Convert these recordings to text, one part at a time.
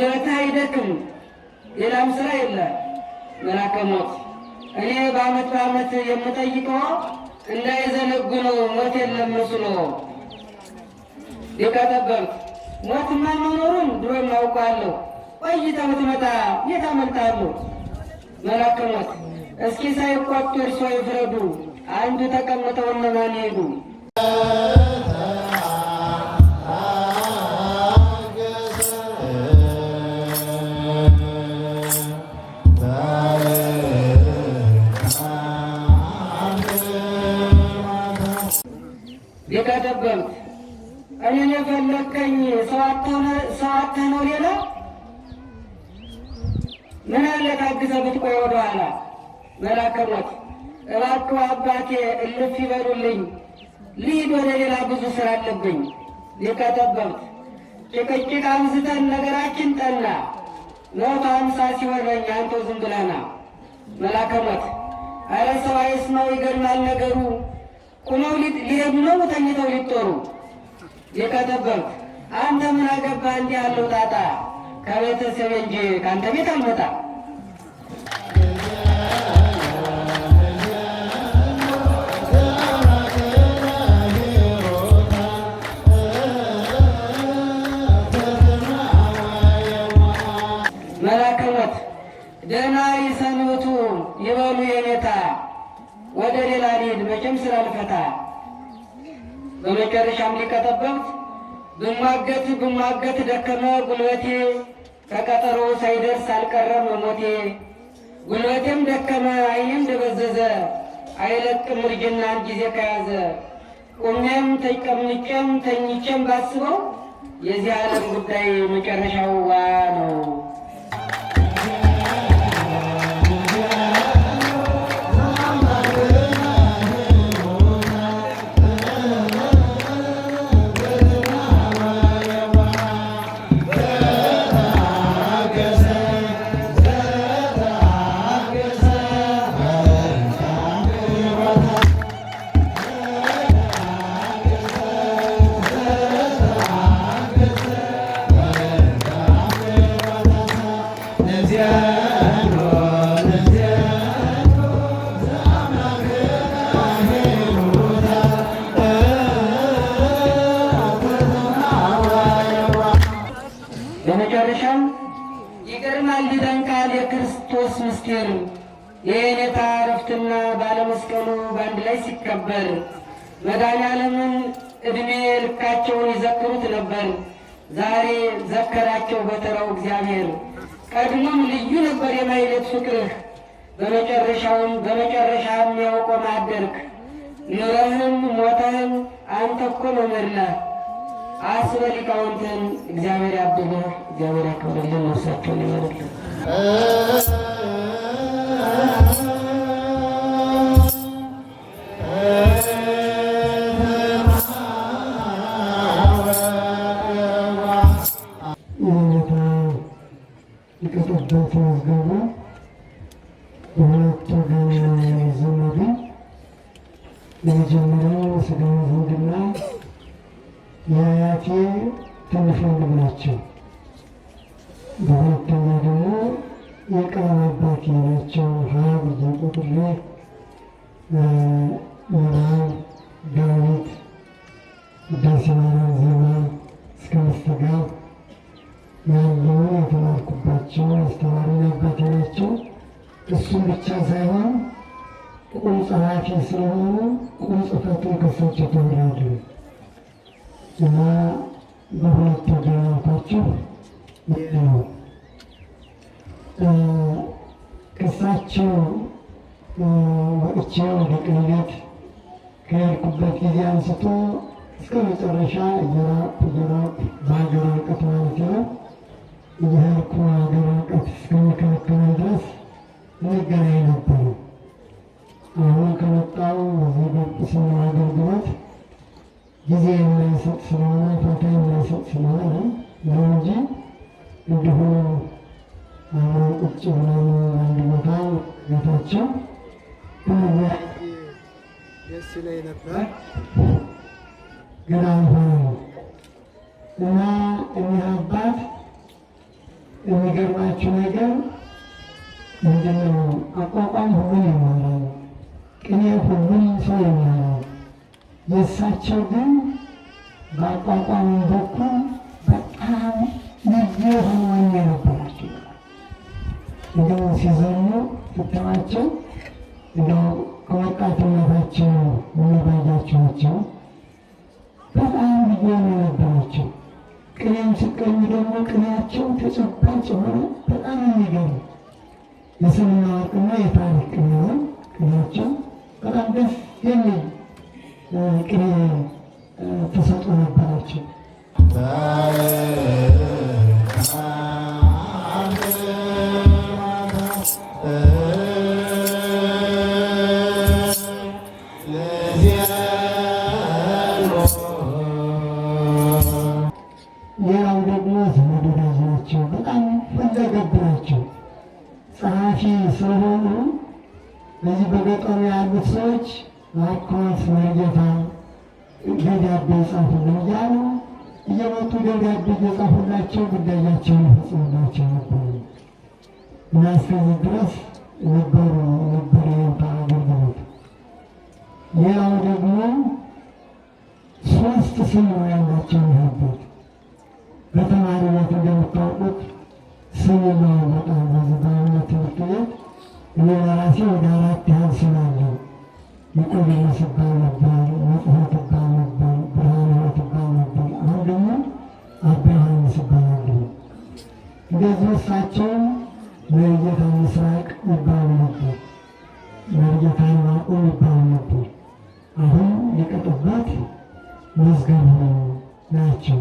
ጉልበትህ አይደክምም፣ ሌላም ስራ የለ። መልአከ ሞት እኔ በአመት በአመት የምጠይቀው እንዳይዘነጉ ነው። ሞት የለም መስሎ ሊቀ ጠበብት ሞትማ መኖሩን ድሮም አውቃለሁ። ቆይታ ብትመጣ የት አመልጣለሁ? መልአከ ሞት እስኪ ሳይቆጡ እርሶ ይፍረዱ። አንዱ ተቀምጠው እነማን ይሄዱ? ተቀበልኩ። እኔን የፈለከኝ ሰው ነው ሌላ ምን አለ ታግሰህ ብትቆይ ወደኋላ። መልአከ ሞት እባክህ አባቴ እልፍ ይበሉልኝ፣ ልሂድ፣ ወደ ሌላ ብዙ ስራ አለብኝ። ሊቀ ጠበብት ጭቅጭቅ አንስተን ነገራችን ጠና፣ ሞት አምሳ ሲሆነኝ አንተው ዝም ብለና። መልአከ አረ ሰው አይስማው ይገድማል ነገሩ ቁመው ሊሄዱ ነው ተኝተው ሊጦሩ የከተበልኩ አንተ ምን አገባ እንዲህ ያለው ጣጣ ከቤተሰብ እንጂ ከአንተ ቤት አልመጣም። ብሟገት ብሟገት ደከመ ጉልበቴ ከቀጠሮ ሳይደርስ አልቀረም ሞቴ። ጉልበቴም ደከመ አይንም ደበዘዘ አይለቅም እርጅናን ጊዜ ከያዘ። ቁሜም ተቀምጬም ተኝቼም ባስበው የዚህ ዓለም ጉዳይ መጨረሻው ዋ ነው። ቅዱስ ምስጢር የዕለታ ባለመስቀሉ በአንድ ላይ ሲከበር መድኃኔ ዓለምን ዕድሜ ልካቸውን ይዘክሩት ነበር። ዛሬ ዘከራቸው በተራው እግዚአብሔር። ቀድሞም ልዩ ነበር የማይሌት ፍቅርህ በመጨረሻውም በመጨረሻም ያውቆ ማደርክ ኑረህም ሞተህም አንተ እኮ መምህር ነህ። አስበ ሊቃውንትን እግዚአብሔር ያብነ እግዚአብሔር ያክብርልን ነፍሳቸውን ይመርልን። ሁለቱ ግን ዘመዱ የመጀመሪያው ስጋ ነው ምግባቸው። በሁለተኛ ደግሞ የቃል አባት ናቸው። ሀ ብዬ ቆጥሬ ምዕራብ ዳዊት ዳሴ ዜማ እስከ መስተጋብ ያሉ የተማርኩባቸው አስተማሪ አባቴ ናቸው። እሱም ብቻ ሳይሆን ቁም ጸሐፊ ስለሆኑ ቁም ጽሕፈቱን ከሳቸው ተምራለሁ እና መብላት ተገናኝታችሁ ነው። ከእሳቸው ወጥቼ ወደ ቅንነት ከሄድኩበት ጊዜ አንስቶ እስከ መጨረሻ እየራቅ እየራቅ በሀገር ርቀት ማለት ነው እየሄድኩ ሀገር ርቀት እስከሚከለክለኝ ድረስ እንገናኝ ነበር። የሆነው ቤታቸው ደስ ይለኝ ነበር ግን አልሆነም እና እኒህ አባት የሚገርማችሁ ነገር ምንድን አቋቋም ሁሉን ይማራል፣ ቅኔ ሁሉን ሰው ይማራል። የእሳቸው ግን በአቋቋም በኩል በጣም ልዩ የሆነ ነው። እንደው ሲዘሙ ስትማቸው እንደው ከወጣትነታቸው እነባያቸኋቸው በጣም ብያን የነበራቸው ቅኔም ሲቀኙ ደግሞ ቅኔያቸው ተጨባጭ የሆነ በጣም የሚገርም የስምና ወርቅና የታሪክ ቅኔ ነው። ቅኔያቸው በጣም ደስ የሚል ቅኔ ተሰጥኦ ነበራቸው። ራሳቸው ግዳጃቸውን ፈጽሙላቸው ነበሩ እና እስከዚህ ድረስ ነበሩ ነበረ የወጣ አገልግሎት። ሌላው ደግሞ ሶስት ስም ነው ያላቸው ይህበት በተማሪነት እንደምታውቁት ስም ነው በጣም በዝባነት ትምህርት ቤት እኔ ለራሴ ወደ አራት ያህል ስም አለው። ይቆብ ስባል ነበር፣ መጽሐፍ ይባል ነበር እንደዚህ እሳቸው መርጌታ ምስራቅ ይባሉ ነበር፣ መርጌታ ማቆ ይባሉ ነበር። አሁን ሊቀጥባት መዝገቡ ናቸው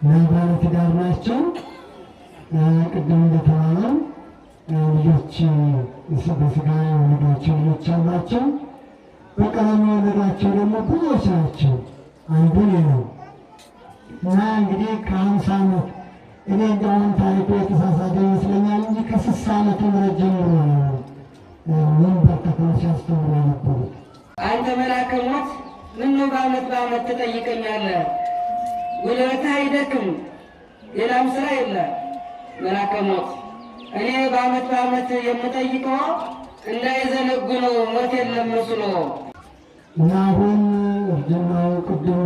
እና ባለትዳር ናቸው። ቅድም እንደተባለው ልጆች በስጋ የወለዷቸው ልጆች አሏቸው። በቀለም የወለዷቸው ደግሞ ብዙዎች ናቸው። አንዱ ነው እና እንግዲህ ከሀምሳ ዓመት እኔ እንደውም ታሪኩ የተሳሳተ ይመስለኛል እንጂ ከስልሳ ዓመተ ምህረት ጀምሮ ነው ወንበር ተክለው ሲያስተምሩ የነበሩት። አንተ መልአከ ሞት ምነው በዓመት በዓመት ትጠይቀኛለህ? ውለታ አይደክም፣ ሌላም ስራ የለ። መልአከ ሞት እኔ በዓመት በዓመት የምጠይቀው እንዳይዘነጉ ነው። ሞት የለም መስሎ እና አሁን እርጅናው ቅድም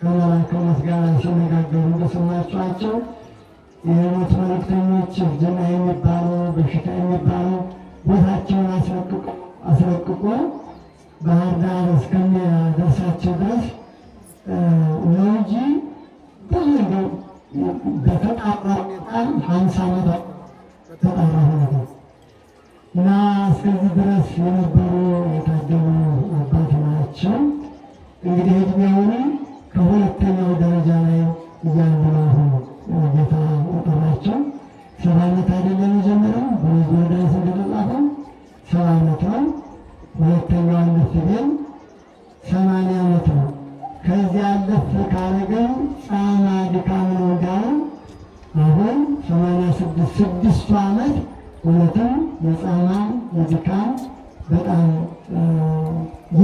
ከመላከናት ጋር ሲነጋገሩ እንደሰማችኋቸው የህይወት መልእክተኞች እርጅና የሚባሉ በሽታ የሚባሉ ቦታቸውን አስረቅቆ ባህር ዳር እስከሚያደርሳቸው ድረስ ነው እንጂ በፈለገው በተጣራ ሁኔታ ሀምሳ ዓመት ተጣራ ሁኔታ እና እስከዚህ ድረስ የነበሩ የታደሉ አባት ናቸው። እንግዲህ እድሜውን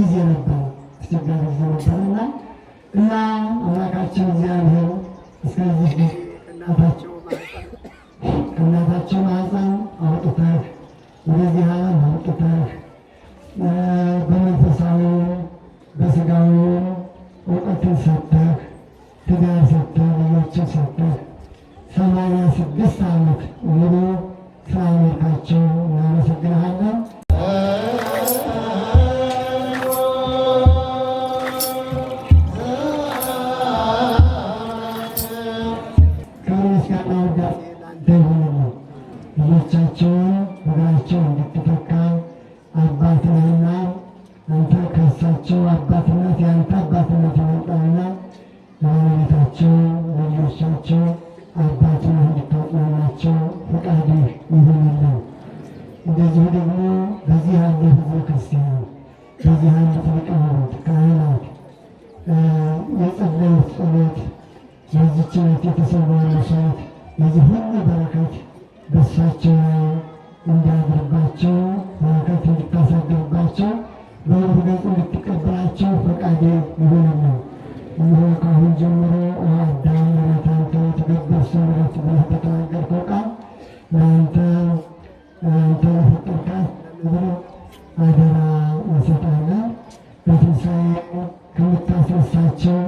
ጊዜ ነበረ፣ አስቸጋሪ ጊዜ ነበረና እና አምላካችን እግዚአብሔር እስከዚህ ከእናታቸው ማህፀን አውጥተህ ወደዚህ ዓለም አውጥተህ በመንፈሳዊ በስጋዊ እውቀትን ሰጥተህ ትዳር ሰጥተህ ልጆችን ሰጥተህ ሰማንያ ስድስት ዓመት ሙሉ እንድትተካ አባት ነህና አንተ ከሳቸው አባትነት የአንተ አባትነት ይመጣና ለባለቤታቸው ለልጆቻቸው አባት ነህ እንድትሆንላቸው ፈቃድህ ይሆንልን። እንደዚሁ ደግሞ በዚህ ያለ ሕዝበ ክርስቲያን በዚህ ያሉት ሊቃውንት፣ ካህናት የጸለዩት ጸሎት የዚህች ዕለት የተሰዋ መስዋዕት የዚህ ሁሉ በረከት በሳቸው ላይ እንዳለ የወደደ መንገድ ገብቃል ለአንተ አንተ ፍቅርካት ብሎ አደራ ይሰጣናል። በትንሣኤ ከምታስነሳቸው